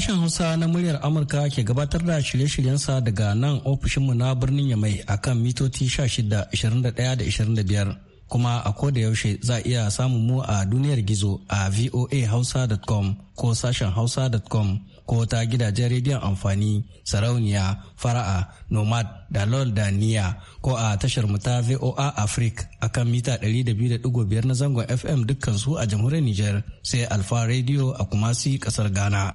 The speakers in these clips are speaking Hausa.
Sashen Hausa na muryar Amurka ke gabatar da shirye-shiryensa daga nan ofishinmu na birnin Yamai akan mitoci 16, 21 da 25. kuma a koda yaushe za a iya samun mu a duniyar gizo a voahausa.com ko sashen hausa.com ko ta gidajen rediyon amfani sarauniya fara'a nomad da lol da ko a tashar mu ta voa africa akan mita 200.5 na zangon fm dukkan su a jamhuriyar Nijar sai alfa radio a kumasi kasar ghana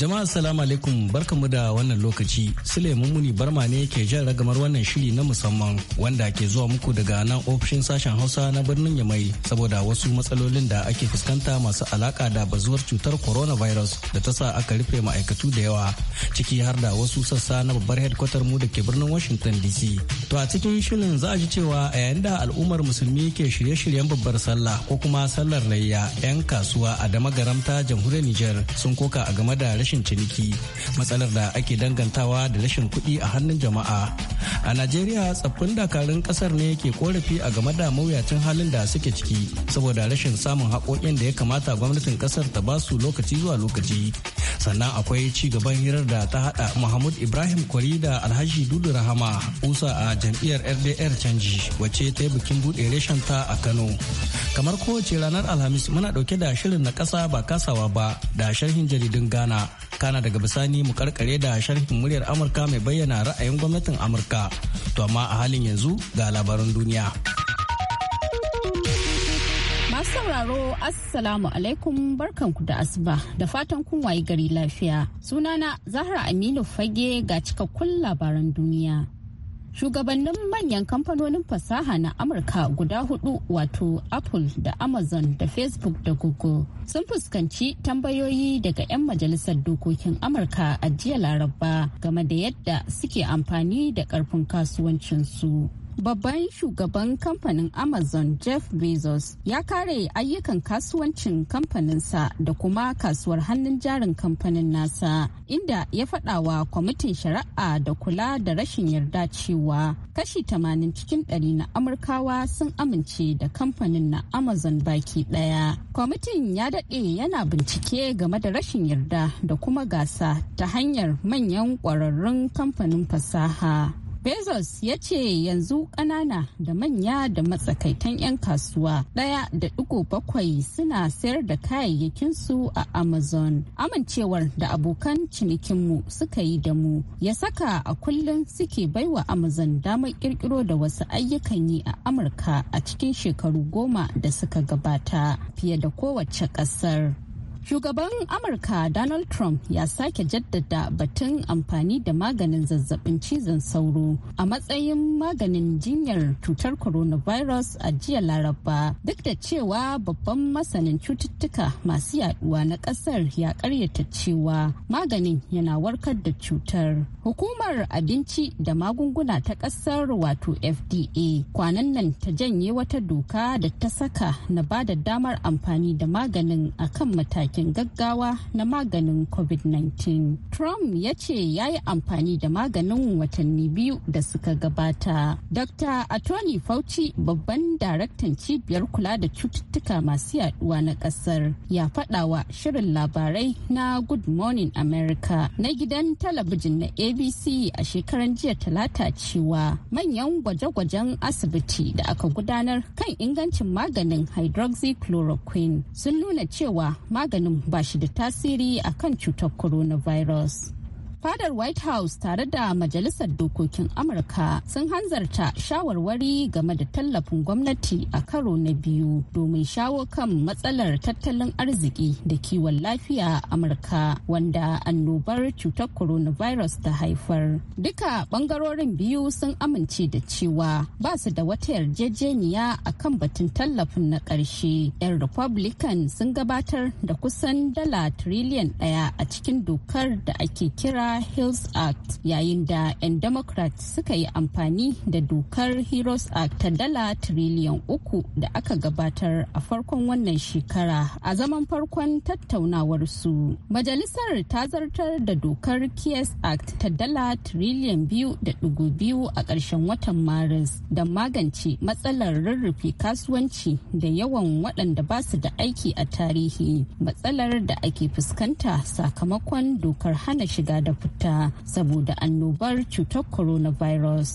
Jama'a salamu alaikum barkamu da wannan lokaci Suleiman Muni Barma ne ke jan ragamar wannan shiri na musamman wanda ke zuwa muku daga nan ofishin sashen Hausa na birnin Yamai saboda wasu matsalolin da ake fuskanta masu alaka da bazuwar cutar coronavirus da ta sa aka rufe ma'aikatu da yawa ciki har da wasu sassa na babbar headquarter mu da ke birnin Washington DC. To a cikin shirin za a ji cewa a yayin da al'ummar musulmi ke shirye-shiryen babbar sallah ko kuma sallar layya 'yan kasuwa a damagaramta jamhuriyar Nijar sun koka a game da rashin ciniki matsalar da ake dangantawa da rashin kuɗi a hannun jama'a a najeriya tsaffin dakarun ƙasar ne ke korafi a game da mawuyacin halin da suke ciki saboda rashin samun haƙoƙin da ya kamata gwamnatin ƙasar ta basu lokaci zuwa lokaci sannan akwai ci gaban hirar da ta haɗa mahmud ibrahim kwari da alhaji dudu rahama usa a jam'iyyar rdr canji wacce ta yi bikin buɗe reshen ta a kano kamar kowace ranar alhamis muna ɗauke da shirin na ƙasa ba kasawa ba da sharhin jaridun ghana kana daga bisani mu karkare da sharhin muryar amurka mai bayyana ra'ayin gwamnatin amurka to amma a halin yanzu ga labaran duniya masu sauraro assalamu alaikum barkanku da asuba da fatan kun wayi gari lafiya sunana zahra aminu fage ga cikakkun labaran duniya shugabannin manyan kamfanonin fasaha na amurka guda hudu wato apple da amazon da facebook da google sun fuskanci tambayoyi daga 'yan majalisar dokokin amurka a jiya laraba game da yadda suke amfani da karfin kasuwancinsu babban shugaban kamfanin Amazon Jeff Bezos ya kare ayyukan kasuwancin kamfaninsa da kuma kasuwar hannun jarin kamfanin nasa inda ya faɗawa kwamitin shari'a da kula da rashin yarda cewa kashi 80 cikin 100 na Amurkawa sun amince da kamfanin na Amazon baki daya Kwamitin ya dade yana bincike game da rashin yarda da kuma gasa ta hanyar manyan kwararrun kamfanin fasaha. bezos ya ce yanzu ƙanana da manya da matsakaitan 'yan kasuwa ɗaya da ɗigo bakwai suna sayar da kayayyakinsu a amazon amincewar da abokan cinikinmu suka yi da mu ya saka a kullum suke baiwa amazon damar ƙirƙiro da wasu ayyukan yi a amurka a cikin shekaru goma da suka gabata fiye da kowace ƙasar Shugaban Amurka Donald Trump ya sake jaddada batun amfani da maganin zazzabin cizon sauro a matsayin maganin jinyar cutar coronavirus a jiya Laraba duk da cewa babban masanin cututtuka masu yaduwa na kasar ya karyata cewa maganin yana warkar da cutar. Hukumar abinci da magunguna ta kasar wato FDA kwanan nan ta janye wata doka da ta saka na ba da damar amfani da maganin a kan mataki. cikin gaggawa na maganin covid-19 trump ya ce ya yi amfani da maganin watanni biyu da suka gabata dr atoni fauci babban daraktan cibiyar kula da cututtuka masu yaduwa na kasar ya faɗawa shirin labarai na good morning america na gidan talabijin na abc a shekaran jiya talata cewa manyan gwaje-gwajen asibiti da aka gudanar kan ingancin maganin hydroxychloroquine sun nuna cewa maganin maganin ba shi da tasiri akan cutar coronavirus. fadar white house tare da majalisar dokokin amurka sun hanzarta shawarwari game da tallafin gwamnati a karo na biyu domin shawo kan matsalar tattalin arziki da kiwon lafiya a amurka wanda annobar cutar coronavirus ta haifar duka bangarorin biyu sun amince da cewa ba su da wata yarjejeniya a kan batun tallafin na ƙarshe 'yan republican sun gabatar da kusan dala tiriliyan ɗaya a cikin dokar da ake kira Hills Act yayin da 'yan Democrats suka yi amfani da dokar Heroes Act ta dala triliyan uku da aka gabatar a farkon wannan shekara a zaman farkon su Majalisar ta zartar da dokar Kies Act ta dala tiriliyan biyu da dugu biyu a ƙarshen watan Maris da magance matsalar rurrufe kasuwanci da yawan waɗanda ba su da aiki a tarihi matsalar da ake fuskanta sakamakon dokar hana shiga da fita saboda annobar cutar coronavirus.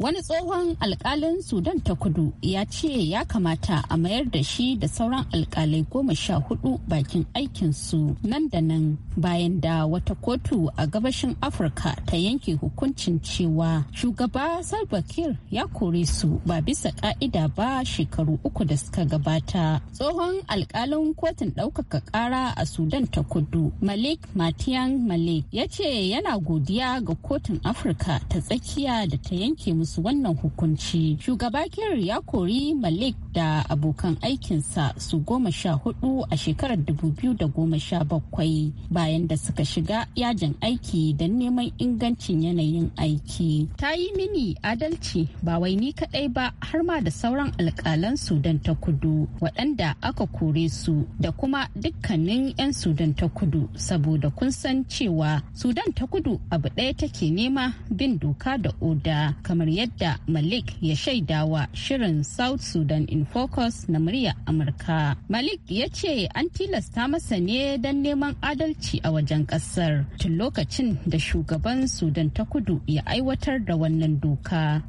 wani tsohon alkalin sudan ta kudu ya ce ya kamata a mayar da shi da sauran alkalai goma sha hudu bakin aikin su nan da nan bayan da wata kotu a gabashin afirka ta yanke hukuncin cewa shugaba salva kiir ya kore su ba bisa ka'ida ba shekaru uku da suka gabata tsohon alkalin kotun ɗaukaka ƙara a sudan ta kudu malik matiyan malik ya ce yana godiya ga kotun afirka ta tsakiya da ta yanke musu su wannan hukunci shugaba kir ya kori malik da abokan aikinsa su goma sha hudu a shekarar dubu biyu da goma sha bakwai bayan da suka shiga yajin aiki don neman ingancin yanayin aiki ta yi mini adalci ba wai ni kadai ba har ma da sauran alkalan sudan ta kudu waɗanda aka kore su da kuma dukkanin 'yan sudan ta kudu saboda kun san cewa sudan ta kudu abu ɗaya take nema bin doka da oda kamar yadda Malik ya shaida wa shirin South Sudan in Focus na murya Amurka. Malik ya ce an tilasta masa ne don neman adalci a wajen kasar tun lokacin da shugaban Sudan ta kudu ya aiwatar da wannan doka.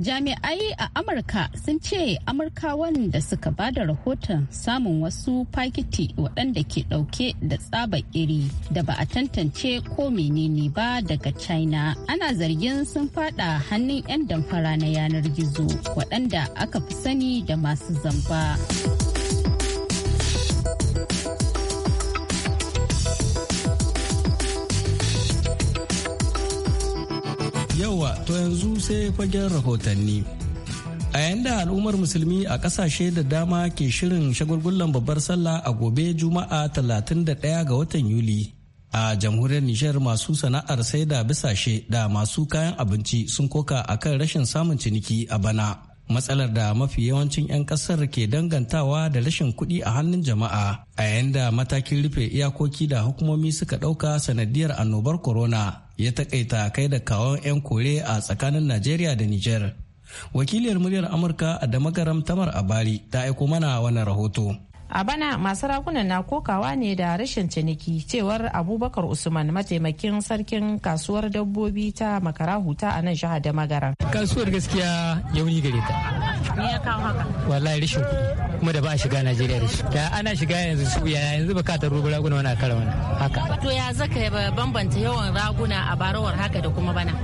jami'ai a amurka sun ce amurkawan da suka ba da rahoton samun wasu fakiti waɗanda ke ɗauke da tsaba iri da ba a tantance ko menene ba daga china ana zargin sun fada hannun 'yan damfara na yanar gizo waɗanda aka fi sani da masu zamba. to yanzu sai fagen rahotanni. A yayin da al'ummar musulmi a ƙasashe da dama ke shirin shagulgullan babbar sallah a gobe Juma'a 31 ga watan Yuli. A jamhuriyar Nijar masu sana'ar sai da bisashe da masu kayan abinci sun koka a kan rashin samun ciniki a bana. matsalar da mafi yawancin 'yan ƙasar ke dangantawa da rashin kuɗi a hannun jama'a a yayin da matakin rufe iyakoki da hukumomi suka ɗauka sanadiyar annobar corona ya takaita kai da kawon 'yan kore a tsakanin Najeriya da Nijar. Wakiliyar muryar Amurka a Damagaram Tamar Abari ta aiko mana wannan rahoto. a bana masu ragunan na kokawa ne da rashin ciniki cewar abubakar usman mataimakin sarkin kasuwar dabbobi ta makara huta a nan jihar da magara kasuwar gaskiya yauni gare ta wallahi rashin kuɗi kuma da ba a shiga najeriya da shi da ana shiga yanzu su ya yanzu ba ka ta rubu raguna wani kara wani haka to ya zaka bambanta yawan raguna a barawar haka da kuma bana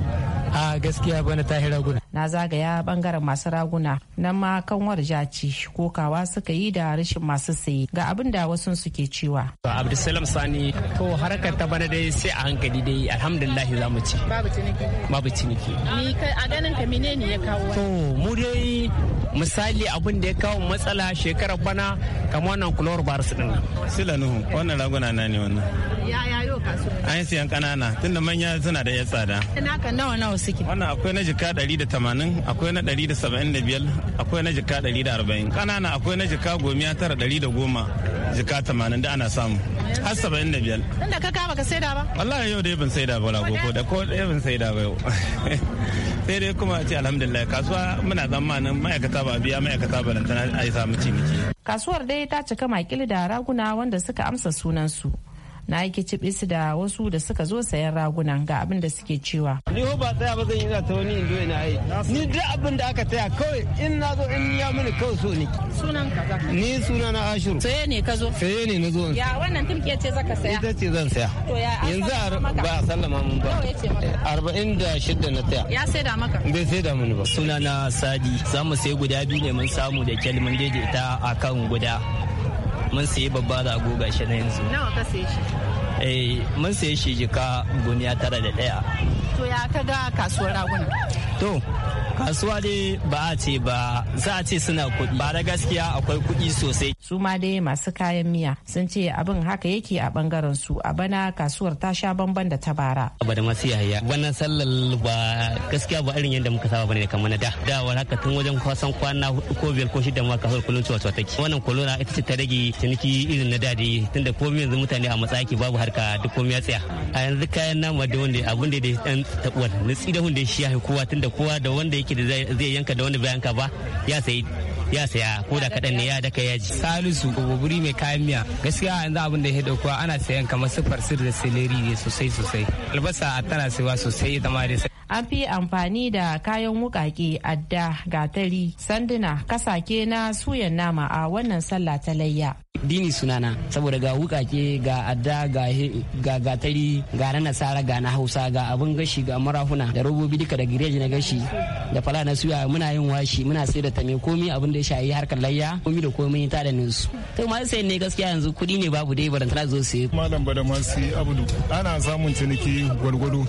a gaskiya bana ta yi raguna na zagaya bangaren masu raguna nan ma kanwar jaci kokawa suka yi da rashin masu saye ga abin da wasu suke cewa abdulsalam sani to harkar ta bana dai sai a hankali dai alhamdulillah za mu ci babu ciniki babu ciniki ni a ganin ka menene ya kawo to mu dai misali abin da ya kawo matsala shekarar bana kamar wannan kulawar baris din nan sila nuhu wannan raguna na ne wannan ya yayo kasuwa an siyan kanana tunda manya suna da ya tsada naka nawa nawa suke wannan akwai na jika 180 akwai na 175 akwai na jika 140 kanana akwai na jika gomiya tara goma jika 80 da ana samu har 75 dan da ka kama ka saida ba wallahi yau dai ban saida ba lago ko da ko dai ban saida ba yau sai dai kuma ce alhamdulillah kasuwa muna tsammanin ma'aikata ba biya ma'aikata ba lantana a yi samu ciniki kasuwar dai ta cika makil da raguna wanda suka amsa sunansu na yi kicibis da wasu da suka zo sayan ragunan ga abin da suke cewa. Ni ho ba tsaya ba zan yi na ta wani indo ina yi. Ni duk abin da aka taya kawai in na zo in ya mini kawai so ni. Sunan ka zaka. Ni suna na Ashiru. Saye ne ka zo. Saye ne na zo. Ya wannan tumke ce zaka saya. Ita ce zan saya. To ya yanzu ba a sallama mun ba. Eh, arba'in da shida na saya. Ya sai da maka. Bai sai da mini ba. Suna na Sadi. Za mu sai guda biyu ne mun samu da kyalmin daidaita akan guda. mun sayi babba rago agogo shi na yanzu nawa ka sayi shi eh mun sayi shi jika guniya tara da ɗaya. to ya ka ga kasuwar raguna to kasuwa dai ba a ce ba za a ce suna kuɗi ba da gaskiya akwai kuɗi sosai su ma dai masu kayan miya sun ce abin haka yake a bangaren su a bana kasuwar ta sha bamban da ta bara ba da masu yaya wannan sallar ba gaskiya ba irin yadda muka saba bane da kamar na da da wa haka tun wajen kwasan kwana hudu ko biyar ko shida ma kasuwar kullum cewa take wannan kolona ita ce ta rage ciniki irin na da dai tunda komai yanzu mutane a matsaki babu harka duk komai ya tsaya a yanzu kayan nama da wanda abun da ya dan tabuwar nutsi da wanda ya shi ya kowa tunda da kowa da wanda yake da zai yanka da wani bayanka ka ba ya sayi ya saya ko da kaɗan ne ya daka yaji. Salisu guri mai kayan miya gaskiya yanzu abin da ya kowa ana sayan kamar sifar sir da seleri ne sosai sosai albasa tana sewa sosai ita ma dai. An fi amfani da kayan wukake adda gatari sanduna kasake na suyan nama a wannan sallah ta layya. dini sunana saboda ga wukake ga adda ga ga gatari ga na nasara ga na hausa ga abin gashi ga marahuna da robobi duka da gireji na gashi da fala na suya muna yin washi muna sai da tame komi abin da ya shayi harkar layya komi da komi ta da nusu. to ma sai ne gaskiya yanzu kuɗi ne babu dai tana zo sai malam sai abudu ana samun ciniki gwargwado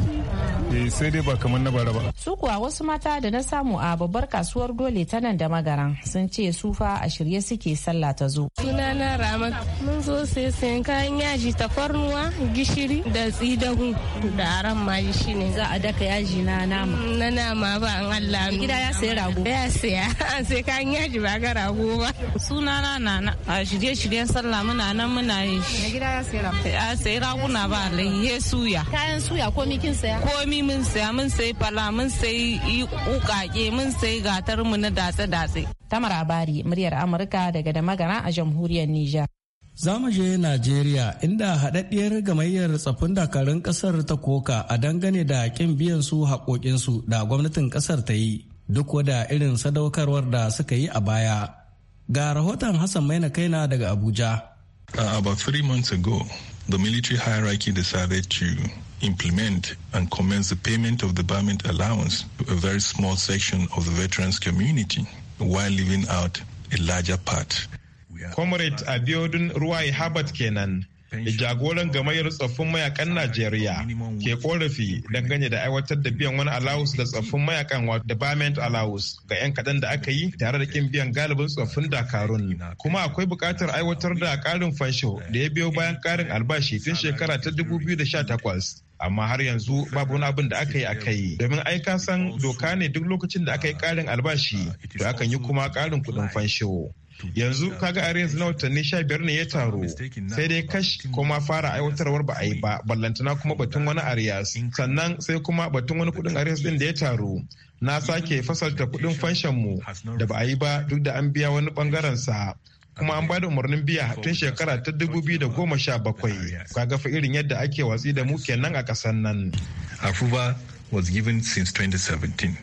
eh, sai dai ba kamar na bara ba. Su kuwa wasu mata da na samu a babbar kasuwar dole ta nan da magaran sun ce su fa a shirye suke sallah ta zo. Sunana kara maka mun zo sai sayan kayan yaji tafarnuwa gishiri da tsidahu da aran ma shi ne za a daka yaji na nama mm, na nama ba an Allah gida ya sayi rago ya saya an sai kayan yaji ba ga rago ba sunana na na a shirye shiryen sallah muna nan muna yi na gida ya sayi rago ya sayi raguna ba lai suya kayan suya komi kin saya komi mun saya mun sayi fala mun sayi ukake mun sayi gatar mu na datse datse Tamar Abari, muryar Amurka daga da magana a jamhuriyar Nijar. Za mu je Najeriya inda haɗaɗɗiyar gamayyar tsafin dakarun ƙasar ta koka a dangane da ƙin biyan su haƙoƙinsu da gwamnatin ƙasar ta yi duk da irin sadaukarwar da suka yi a baya. Ga rahoton Hassan Maina Kaina daga Abuja. Uh, about three months ago, the military hierarchy decided to implement and commence the payment of the garment allowance to a very small section of the veterans community. while leaving out a larger part. Comrade Abiodun Ruwai Habat kenan da jagoran gamayyar tsoffin mayakan Najeriya ke korafi dangane da aiwatar da biyan wani alawus da tsoffin mayakan da Bament alawus ga 'yan kadan da aka yi tare da kin biyan galibin tsoffin dakarun. Kuma akwai buƙatar aiwatar da ƙarin fansho da ya biyo bayan ƙarin albashi tun shekara ta 2018. amma har yanzu babu wani abin da aka yi a kai domin ai ka san doka ne duk lokacin da aka yi karin albashi da akan yi kuma karin kudin fansho yanzu kaga a na watanni sha biyar ne ya taru sai dai kash kuma fara aiwatarwar ba a yi ba ballantana kuma batun wani arias sannan sai kuma batun wani kudin arias din da ya taru na sake fasalta kudin fanshan mu da ba a yi ba duk da an biya wani bangaren sa kuma an bada umarnin biya tun shekara ta dubu biyu da goma sha bakwai kaga fa irin yadda ake watsi da mu kenan a kasan nan afuba was given since 2017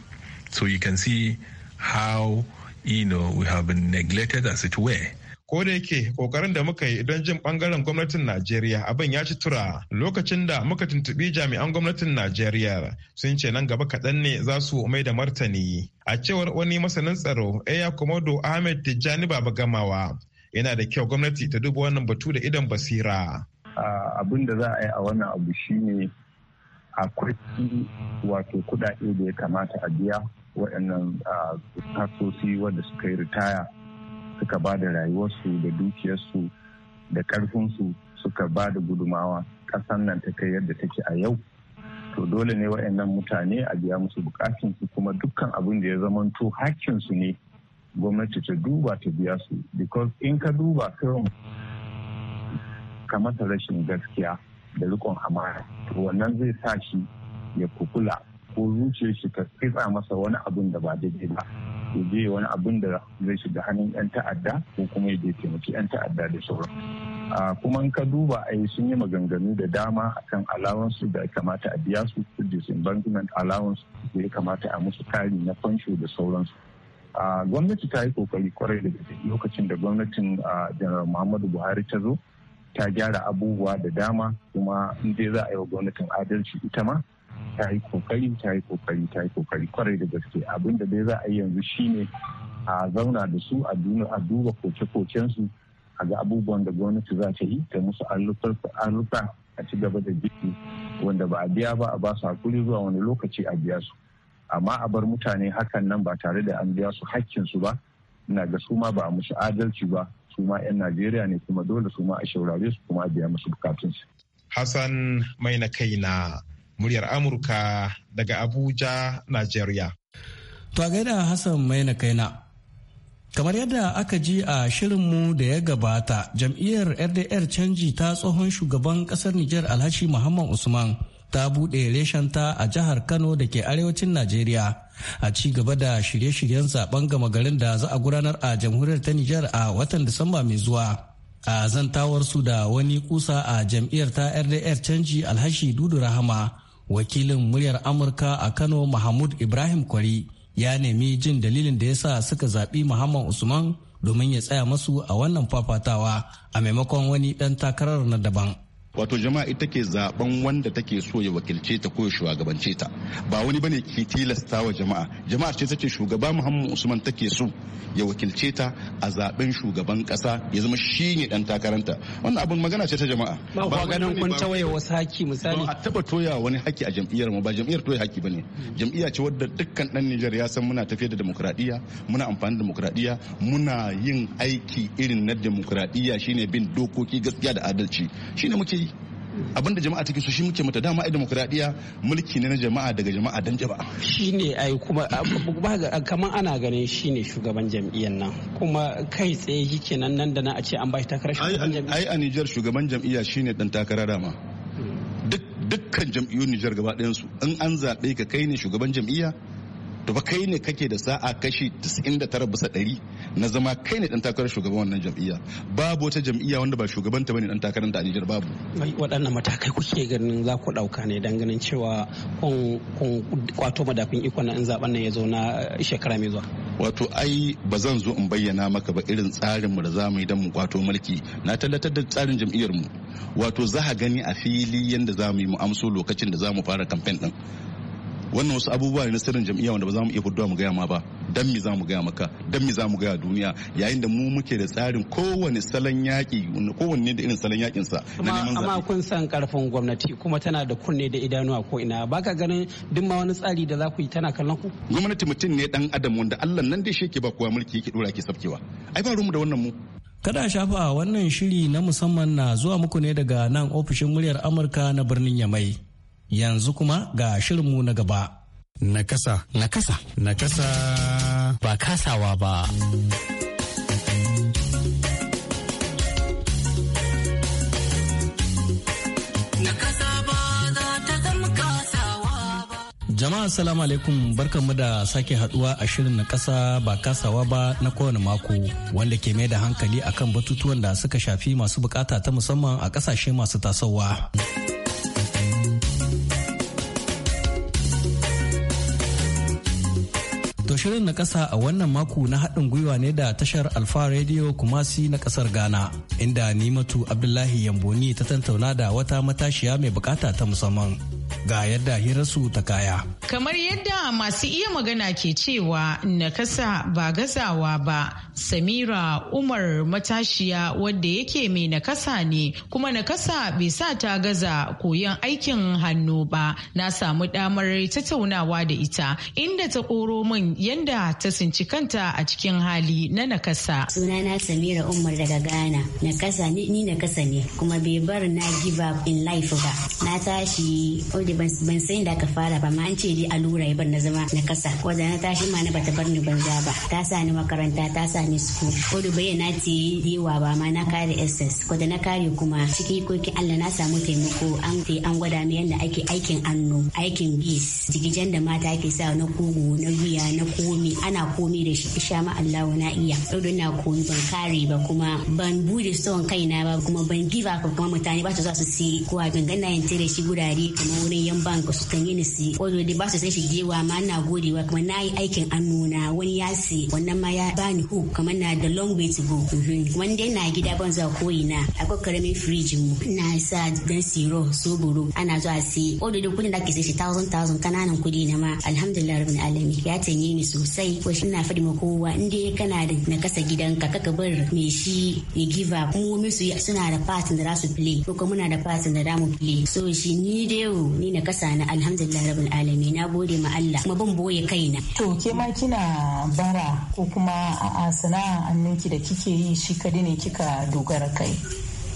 so you can see how you know, we have been neglected as it were. ko da yake kokarin da muka yi don jin bangaren gwamnatin Najeriya abin ya ci tura lokacin da muka tuntubi jami'an gwamnatin Najeriya sun ce nan gaba kaɗan ne za su mai da martani. A cewar wani masanin tsaro Eya Komodo Ahmed Tijjani Baba Gamawa yana da kyau gwamnati ta duba wannan batu da idan basira. Ah, abin da za a yi a wannan abu shine akwai wato kuɗaɗe da ya kamata a biya waɗannan kasosi wanda suka yi ritaya suka ba da rayuwarsu da dukiyarsu da ƙarfinsu suka ba da gudumawa ƙasan nan ta kai yadda take a yau to dole ne waɗannan mutane a biya musu bukatunsu kuma dukkan abin da ya zamanto hakkinsu ne gwamnati ta duba ta biya su because in ka duba kiran kamata rashin gaskiya da rikon amana to wannan zai sa shi ya kukula ko zuciyar shi ka kitsa masa wani abun da ba daidai ba ya je wani abun da zai shiga hannun yan ta'adda ko kuma ya je taimaki yan ta'adda da sauran kuma ka duba a yi sun yi maganganu da dama akan allowance da ya kamata a biya su disembankment allowance da ya kamata a musu kari na fansho da sauransu gwamnati ta yi kokari kwarai da lokacin da gwamnatin general muhammadu buhari ta zo ta gyara abubuwa da dama kuma in dai za a yi wa gwamnatin adalci ita ma ta yi kokari ta yi kokari ta yi kokari kwarai da gaske abin da dai za a yi yanzu shine a zauna da su a duba koke-koken su a ga abubuwan da gwamnati za ta yi ta musu alluka a ci gaba da jiki wanda ba a biya ba a ba su hakuri zuwa wani lokaci a biya su amma a bar mutane hakan nan ba tare da an biya su hakkin su ba ina ga su ma ba a musu adalci ba su ma 'yan najeriya ne kuma dole su ma a shaurare su kuma a biya musu bukatunsu hassan mai na kai na muryar amurka daga abuja najeriya to a gaida hassan mai na kai na kamar yadda aka ji a shirin mu da ya gabata jam'iyyar rdr canji ta tsohon shugaban ƙasar Nijar alhaji muhammad usman ta buɗe reshenta a jihar Kano da ke arewacin Najeriya a ci gaba da shirye-shiryen zaben gama garin da za a gudanar a jamhuriyar ta Nijar a watan Disamba mai zuwa. a zantawarsu da wani kusa a jam'iyyar ta rdr canji alhashi dudu rahama wakilin muryar amurka a kano mahmud ibrahim kwari ya nemi jin dalilin da ya sa suka zaɓi muhammad usman domin ya tsaya masu a wannan fafatawa a maimakon wani ɗan takarar na daban wato jama'a ita ke zaben wanda take so ya wakilce ta ko ya shugabance ta ba wani bane ke tilasta wa jama'a jama'a ce take shugaba Muhammad Usman take so ya wakilce ta a zaben shugaban kasa ya zama shi ne dan takaranta wannan abun magana ce ta jama'a ba ganin kun tawaye wasu haki misali a taba toya wani haki a jam'iyyar mu ba jam'iyyar toya haki bane hmm. jam'iyya ce wadda dukkan dan Nijar ya san muna tafiyar da demokradiya muna amfani da demokradiya muna yin aiki irin na demokradiya shine bin dokoki gaskiya da adalci shine muke abinda jama'a take so shi muke mata dama ai demokradiya mulki ne na jama'a daga jama'a dan jaba. shine ai kuma kamar ana ganin shine shugaban jam'iyyar nan kuma kai tsaye yake nan nan da nan a ce an bashi takarar shugaban jam'iyyar ai a Niger shugaban jam'iyya shine dan takarar dama hmm. dukkan jam'iyyun Niger gaba ɗayan su in an zaɓe ka kai ne shugaban jam'iyya to ba kai ne kake da sa'a kashi 99 bisa 100 na zama kai ne dan takarar shugaban wannan jam'iyya babu wata jam'iyya wanda ba shugabanta bane dan takarar da Niger babu waɗannan matakai kuke ganin za ku dauka ne dan ganin cewa kun kwato madafin ikon in zaben nan ya zo na shekara mai zuwa wato ai ba zan zo in bayyana maka ba irin tsarin mu da za mu yi dan mu kwato mulki na tallatar da tsarin jam'iyyar mu wato za gani a fili yanda za mu yi mu amso lokacin da za mu fara kamfen din wannan wasu abubuwa ne na sirrin jam'iyya wanda ba za mu iya fuddawa mu gaya ma ba dan mi za mu gaya maka dan mi za mu gaya duniya yayin da mu muke da tsarin kowane salon yaƙi kowanne da irin salon yaƙin sa na neman zaɓe amma kun san karfin gwamnati kuma tana da kunne da idanuwa ko ina baka ganin duk ma wani tsari da za ku yi tana kallon ku gwamnati mutum ne dan adam wanda Allah nan dai shi yake ba kowa mulki yake dora ke sabkewa ai ba rumu da wannan mu Kada shafa wannan shiri na musamman na zuwa muku ne daga nan ofishin muryar Amurka na birnin Yamai. Yanzu kuma ga shirinmu na gaba. Nakasa. Nakasa. Nakasa. Ba kasawa ba. Jama'a salamu alaikum barkanmu da sake haduwa a shirin na kasa ba kasawa ba na kowane mako wanda ke mai da hankali akan batutuwan da suka shafi masu bukata ta musamman a kasashe masu tasowa. To shirin na ƙasa a wannan mako na haɗin gwiwa ne da tashar Alfa Radio Kumasi na ƙasar Ghana, inda Nimatu Abdullahi Yamboni ta tattauna da wata matashiya mai bukata ta musamman. ga yadda hirarsu ta kaya. Kamar yadda masu iya magana ke cewa nakasa ba gazawa ba, Samira Umar matashiya wadda yake mai nakasa ne, kuma nakasa bai sa ta gaza koyon aikin hannu ba, na samu damar tattaunawa da ita, inda ta koro min yadda ta sinci kanta a cikin hali na nakasa. Sunana Samira Umar daga Ghana, nakasa ni nakasa ne, kuma bai bar na give up in life ba. Na tashi oh, ban san da ka fara ba ma an ce a allura ya ban na zama na kasa wanda na tashi ma na bata bar ni banza ba ta sa ni makaranta ta sa ni suku ko da bayyana ce yiwa ba ma na kare ss ko da na kare kuma cikin kokin Allah na samu taimako an ta an gwada mu yadda ake aikin anno aikin bis jigijen da mata ke sa na kogo na biya na komi ana komi da shi isha ma Allah na iya don na komi ban kare ba kuma ban bude son kaina ba kuma ban up kuma mutane ba su za su si ko a yin da shi gurare kamar wurin yan bank su kan yi ni si already ba su san shi gewa ma na godewa kuma na yi aikin annuna wani ya si wannan ma ya bani hook kamar na da long way to go wani mhm. yana gida ban zuwa koyi na akwai karamin firiji mu na sa dan siro soboro ana zuwa si already kudin da ake sai shi thousand thousand kananan kudi na ma alhamdulillah rabbil alamin ya tanye ni sosai ko shi na fadi ma kowa in dai kana da na kasa ka kaka bar me shi ya give up mu su suna da part da za su play ko kuma muna da part da za mu play so shi ni dai ni na kasa na alhamdulillah rabin alamin na gode ma Allah kuma ban boye kaina to ke ma kina bara ko kuma a'a sana'a annanki da kike yi shi kadai ne kika dogara kai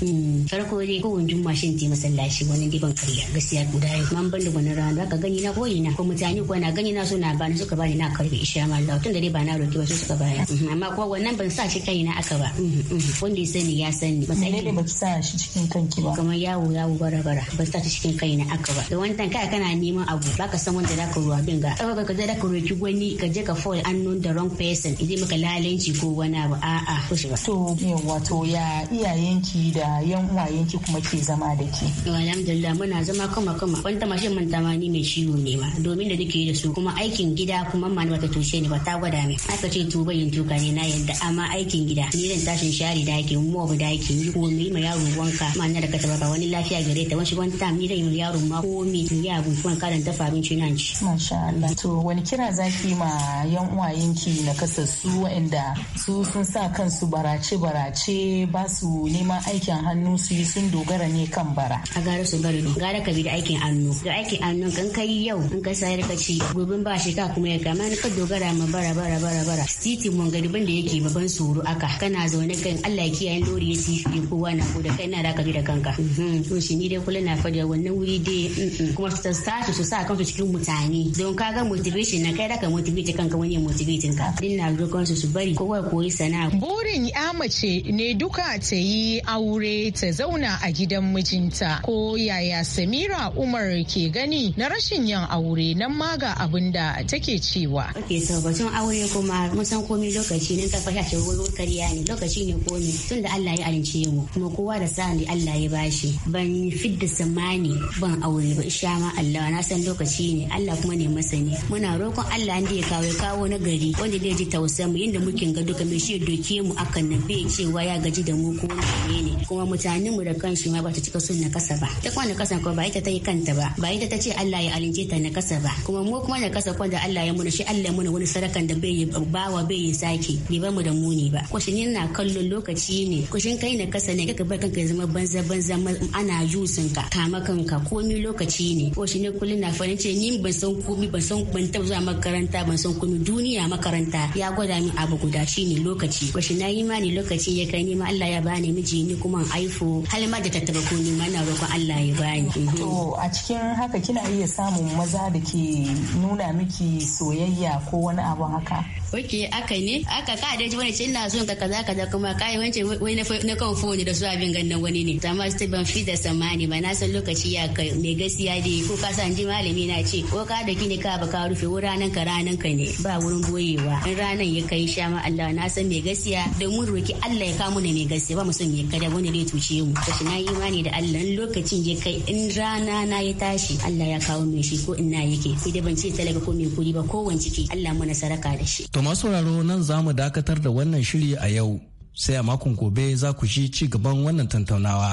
Mm. farko dai ko juma shin je masallaci wani gidan ban gaskiya guda yau man ban da wani rana ka gani na koyi na ko mutane ko na gani na so na bani suka bani na karbi ma Allah tun da dai ba na roki ba su suka baya mm-hmm. amma ko wannan ban sa shi na aka ba mm-hmm. Mm-hmm. wanda ya sani ya sani sai ne ki sa shi cikin kanki ba kamar yawo yawo bara bara ban sa shi cikin na aka ba da wannan kai kana neman abu baka san wanda zaka ruwa bin ga ka je da ka roki wani ka je ka fall unknown the wrong person idan maka lalanci ko wani abu a'a to yawa to ya iyayenki da Yan uwayen ki kuma ke zama da ke alhamdulillah muna zama kama kama wani mashin man dama ni mai ciwo ne ma domin da nake da su kuma aikin gida kuma ma wata tushe ne. ba ta gwada min aka ce tuba yin tuka ne na yanda. amma aikin gida ni zan tashin share da yake. mu ba da yake. ni ko mai ma yaro wanka ma na da kataba ba wani lafiya gare ta wani wani tam ni zan yi yaro ma ko mi ya abun kuma karan dafa abinci nan ci masha Allah to wani kira zaki ma yan ki na su waɗanda su sun sa kansu barace barace ba su neman aikin aikin hannu su yi sun dogara ne kan bara. A gara su bari ne, gara ka bi da aikin hannu. Da aikin hannu kan kai yau in ka sayar ka ci gobin ba shi ka kuma ya kama ni ka dogara ma bara bara bara bara. Titi mun ga dubin da yake baban tsoro aka kana zaune kan Allah ya kiyaye lori ya ci ya kowa na ko da kai na da ka bi da kanka. Mhm. To shi ni dai kula na fada wannan wuri dai kuma su tashi su sa kansu cikin mutane don ka ga motivation na kai da ka motivate kanka wani ya motivate ka. Din na roƙon su su bari kowa koyi sana'a. Burin ya mace ne duka ta yi aure aure ta zauna a gidan mijinta ko yaya samira umar ke gani na rashin yin aure nan ma ga abin da take cewa ok to batun aure kuma mun san komai lokaci ne ka fashe wurin kariya ne lokaci ne komai tun da Allah ya alince mu kuma kowa da sa ne Allah ya bashi ban fidda samani ban aure ba insha ma Allah na san lokaci ne Allah kuma ne masani muna roƙon Allah inda ya kawo kawo na gari wanda zai ji tausayin mu inda muke ga duka mai shi doke mu akan nan bai cewa ya gaji da mu ko ne ne kuma mutanen mu da kanshi ma ba ta cika sun na kasa ba ta kuma kasa ko ba ita ta yi kanta ba ba ita ta ce Allah ya alince ta na kasa ba kuma mu kuma na kasa kwanda Allah ya muna shi Allah ya muna wani sadakan da bai bawa bai yi sake bai ba mu da muni ba ko na kallon lokaci ne ko kai na kasa ne kaka bar kanka zama banza banza ana jusin ka kama kanka komi lokaci ne ko shi ne kullun na farin ce ni ban san komi ban san ban taba zuwa makaranta ban san komi duniya makaranta ya gwada min abu guda shine lokaci ko na yi mani lokaci ya kai ni ma Allah ya bani miji ni kuma ciwon aifo har ma da tattaba ko nima na roƙon Allah ya bani to mhm. a cikin haka kina iya samun maza da ke nuna miki soyayya ko wani abu haka ok aka ne aka ka da wani ce ina son ka kaza kaza kuma kai wance wai na kan fone da su abin gannan wani ne amma su ban fi da samani ba na san lokaci ya kai mai gaskiya da ko ka san ji malami na ce ko ka da kini ka ba ka rufe ranan ka ranan ka ne ba wurin boyewa in ranan ya kai sha ma Allah na san mai gaskiya da mun roki Allah ya kawo ni ne mai gaskiya ba mu san ya kada wani ne tuce mu kashi na yi imani da Allah in lokacin ya kai in rana na ya tashi Allah ya kawo mai shi ko ina yake sai da ban ce talaka ko mai kuri ba kowanne ciki Allah mu na saraka da shi To masu sauraro nan za mu dakatar da wannan shiri a yau sai a makon gobe za ku shi ci gaban wannan tantaunawa.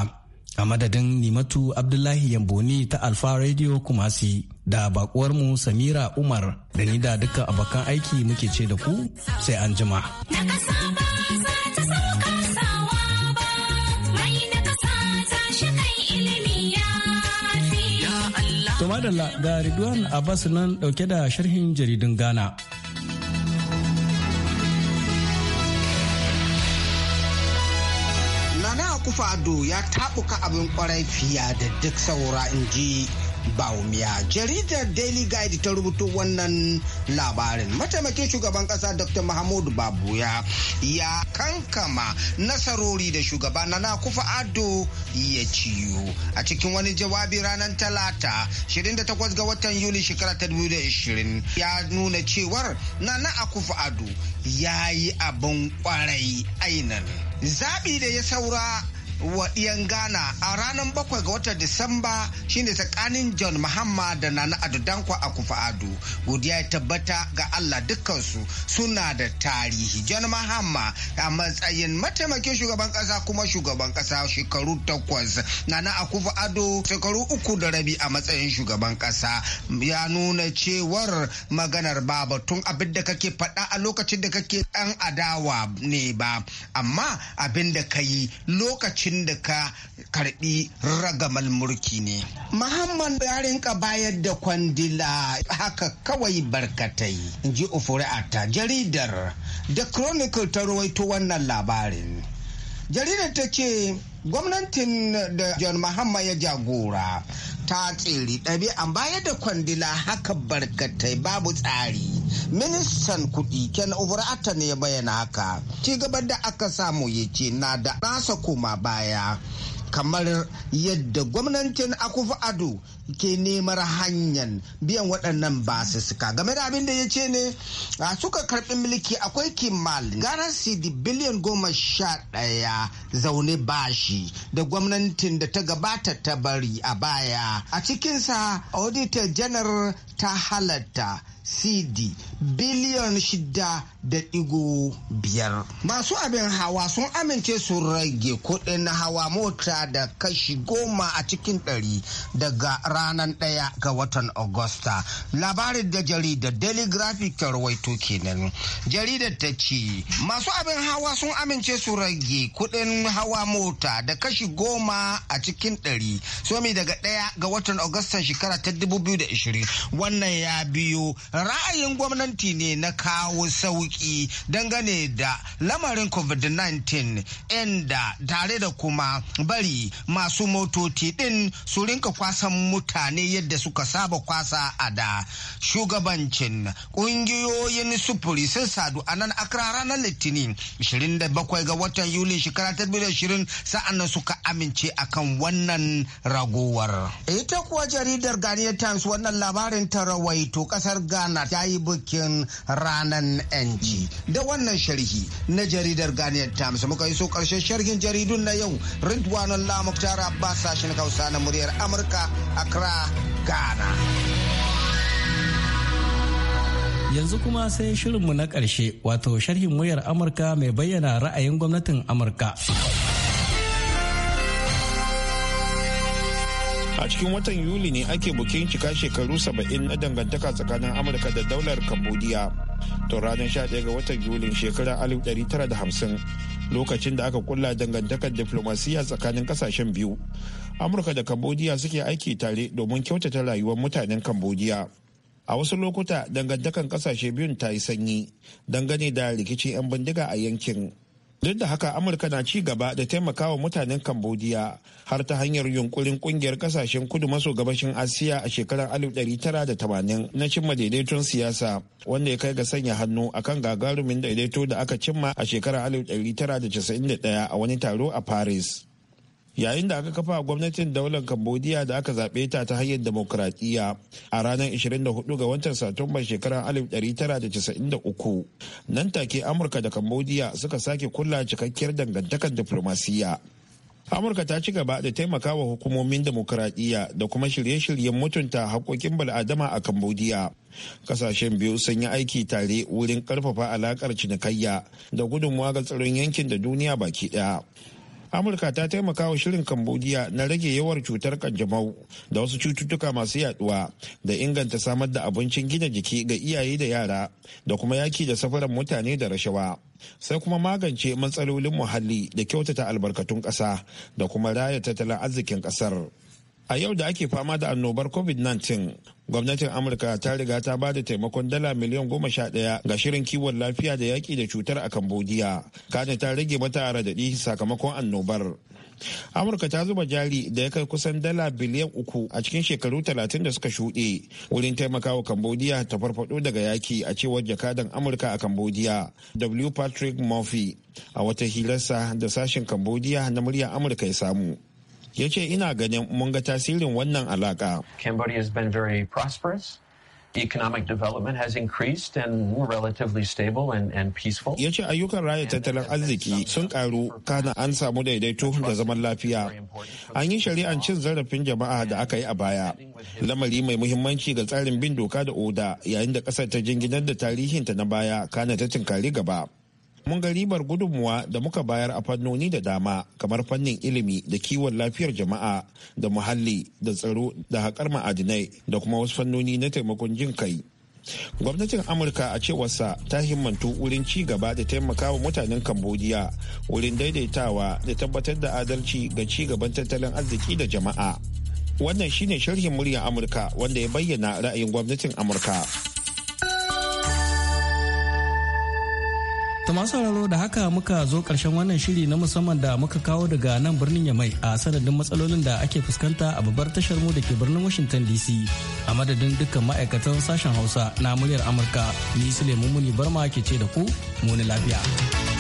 a madadin nimatu abdullahi yamboni ta alfa radio kumasi da bakuwarmu samira umar da ni da duka abokan aiki muke ce da ku sai an jima Tumadala ga Ridwan Abbas nan dauke da sharhin jaridun Ghana. Kufa ado ya taɓuka abin kwarai fiya da duk saura in ji Baumiya. Jaridar Daily Guide ta rubuto wannan labarin. Mataimakin shugaban kasa Dr. mahmud Babuya ya kankama nasarori da shugaba na kufa Ado ya ciyo. A cikin wani jawabi ranar Talata 28 ga watan Yuli shekara ta 2020 ya nuna cewar Nana kufa Ado ya yi abin kwarai ainan. Zaɓi da ya saura wa iyan Ghana a ranar bakwai ga watan Disamba shine tsakanin John Mahama da Nana Adudankwa a Kufa Ado. Godiya ya tabbata ga Allah dukkansu suna da tarihi. John Mahama a matsayin mataimakin shugaban kasa kuma shugaban kasa shekaru takwas. Nana Akufa Ado shekaru uku da rabi a matsayin shugaban kasa ya nuna cewar maganar ba tun abin da kake faɗa a lokacin da kake ɗan adawa ne ba amma abin da ka yi lokacin lokacin da ka karbi ragamal mulki ne muhammad ya rinka bayar da kwandila haka kawai barkatai in ji ta jaridar da chronicle ta rawaito wannan labarin jaridar ta ce gwamnatin da john Muhammad ya jagora ta tsiri ɗabi'an bayar da kwandila haka barkatai babu tsari ministan kuɗi ken ata ne ya bayyana haka ci gaban da aka samu ya ce na da nasa koma baya kamar yadda gwamnatin akufu ado ke neman hanyar biyan waɗannan basussuka game da abin da ya ce ne a suka karɓi mulki akwai kimanin ganar cd biliyan goma sha ɗaya zaune bashi da gwamnatin da ta gabata ta bari a baya a cikinsa auditor janar ta halatta cd biliyon shida da ɗigo biyar. Masu abin hawa sun amince su rage kuɗin hawa mota da kashi goma a cikin ɗari daga ranar ɗaya ga watan Agusta. Labarin da jaridar Daily Graphic rawaito kenan. Jaridar ta ce masu abin hawa sun amince su rage kuɗin hawa mota da kashi goma a cikin ɗari. Somi daga ɗaya ga watan Agusta shekara ta 2020 wannan ya biyo ra'ayin gwamnati ne na kawo sauki. sauki dangane da lamarin covid-19 inda tare da kuma bari masu motoci din su rinka kwasan mutane yadda suka saba kwasa a da shugabancin ƙungiyoyin sufuri sun sadu a nan akra ranar litinin 27 ga watan yuli shekara 2020 nan suka amince akan wannan ragowar ita kuwa jaridar ghanaian times wannan labarin ta rawaito kasar ghana ta yi bikin ranar 'yanci Alhaji da wannan sharhi na jaridar Ghanaian Times muka iso karshen sharhin jaridun na yau Ridwanul Lamuktar Abbas sashen Hausa na muryar Amurka Accra Ghana. Yanzu kuma sai shirinmu na ƙarshe wato sharhin muryar Amurka mai bayyana ra'ayin gwamnatin Amurka. a cikin watan yuli ne ake bukin cika shekaru 70 na dangantaka tsakanin amurka da daular cambodia to ranar 11 ga watan yulin shekarar 1950 lokacin da aka kulla dangantakar diflomasiyya tsakanin kasashen biyu amurka da cambodia suke aiki tare domin kyautata rayuwar mutanen cambodia a wasu lokuta dangantakan kasashe biyun ta yi sanyi dangane da rikicin 'yan bindiga a yankin duk da haka amurka na ci gaba da taimakawa mutanen cambodia har ta hanyar yunkurin kungiyar kasashen kudu maso gabashin asiya a shekarar 1980 na cimma daidaiton siyasa wanda ya kai ga sanya hannu a kan gagarumin daidaito da aka cimma a shekarar 1991 a wani taro a paris yayin da aka kafa gwamnatin daular cambodia da aka zaɓe ta ta hanyar demokuraɗiyya a ranar 24 ga watan satumbar shekarar 1993 nan take amurka da cambodia suka sake kulla cikakkiyar dangantakar diflomasiyya amurka ta ci gaba da taimakawa hukumomin demokuraɗiyya da kuma shirye-shiryen mutunta haƙoƙin bal'adama a cambodia kasashen biyu sun yi aiki tare wurin ƙarfafa alaƙar cinikayya da gudunmuwa ga tsaron yankin da duniya baki ɗaya amurka ta taimaka wa shirin cambodia na rage yawar cutar kanjamau da wasu cututtuka masu yaduwa da inganta samar da abincin gina jiki ga iyaye da yara da kuma yaki da safaran mutane da rashawa sai kuma magance matsalolin muhalli da kyautata albarkatun ƙasa da kuma raya tattalin arzikin ƙasar. a yau da ake fama da annobar covid-19 gwamnatin amurka ta riga ta ba da taimakon dala miliyan goma sha ɗaya ga shirin kiwon lafiya da yaƙi da cutar a cambodia kane ta rage mata radadi sakamakon annobar amurka ta zuba jari da ya kai kusan dala biliyan uku a cikin shekaru talatin da suka shuɗe wurin taimakawa cambodia ta farfado daga yaƙi a cewar jakadan amurka a cambodia w patrick murphy a wata hirarsa da sashen cambodia na muryar amurka ya samu ya ce ina ganin mun ga tasirin wannan alaka. Cambodia has been very prosperous. economic development has increased and relatively stable and, and peaceful. Ya ce ayyukan raya tattalin arziki sun karu kana an samu daidaito da zaman lafiya. An yi shari'an cin zarafin jama'a da aka yi a baya. Lamari mai muhimmanci ga tsarin bin doka da oda yayin da ƙasar ta jinginar da tarihinta na baya kana ta tunkari gaba. mun ga ribar gudunmuwa da muka bayar a fannoni da dama kamar fannin ilimi da kiwon lafiyar jama'a da muhalli da tsaro da haƙar ma'adinai da kuma wasu fannoni na taimakon jin kai gwamnatin amurka a cewarsa ta himmantu wurin ci gaba da taimakawa mutanen cambodia wurin daidaitawa da tabbatar da adalci ga ci gaban tattalin arziki da jama'a wannan shine sharhin muryar amurka wanda ya bayyana ra'ayin gwamnatin amurka ta masu sauraro da haka muka zo karshen wannan shiri na musamman da muka kawo daga nan birnin yamai a sanadin matsalolin da ake fuskanta a babbar tashar mu da ke birnin washington dc a madadin dukkan ma'aikatan sashen hausa na muryar amurka ni sulaimun muni barma ke ce da ku muni lafiya